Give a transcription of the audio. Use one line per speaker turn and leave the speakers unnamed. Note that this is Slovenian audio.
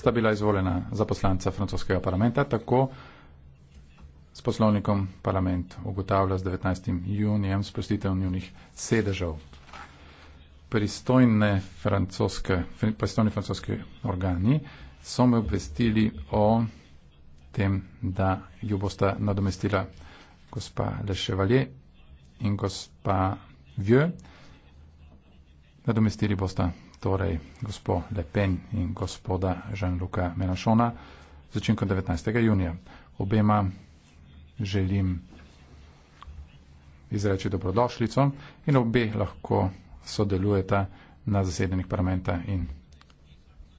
sta bila izvoljena za poslanca francoskega parlamenta, tako s poslovnikom parlament ugotavlja z 19. junijem sprostitev njunih sedežev. Pristojne francoske, pristojni francoski organi so me obvestili o tem, da jo bosta nadomestila gospa Le Chevalier in gospa Vieux. Nadomestili bosta torej gospod Le Pen in gospoda Žanluka Menašona z začinkom 19. junija. Obema želim izreči dobrodošlico in obe lahko sodelujeta na zasedanjih parlamenta in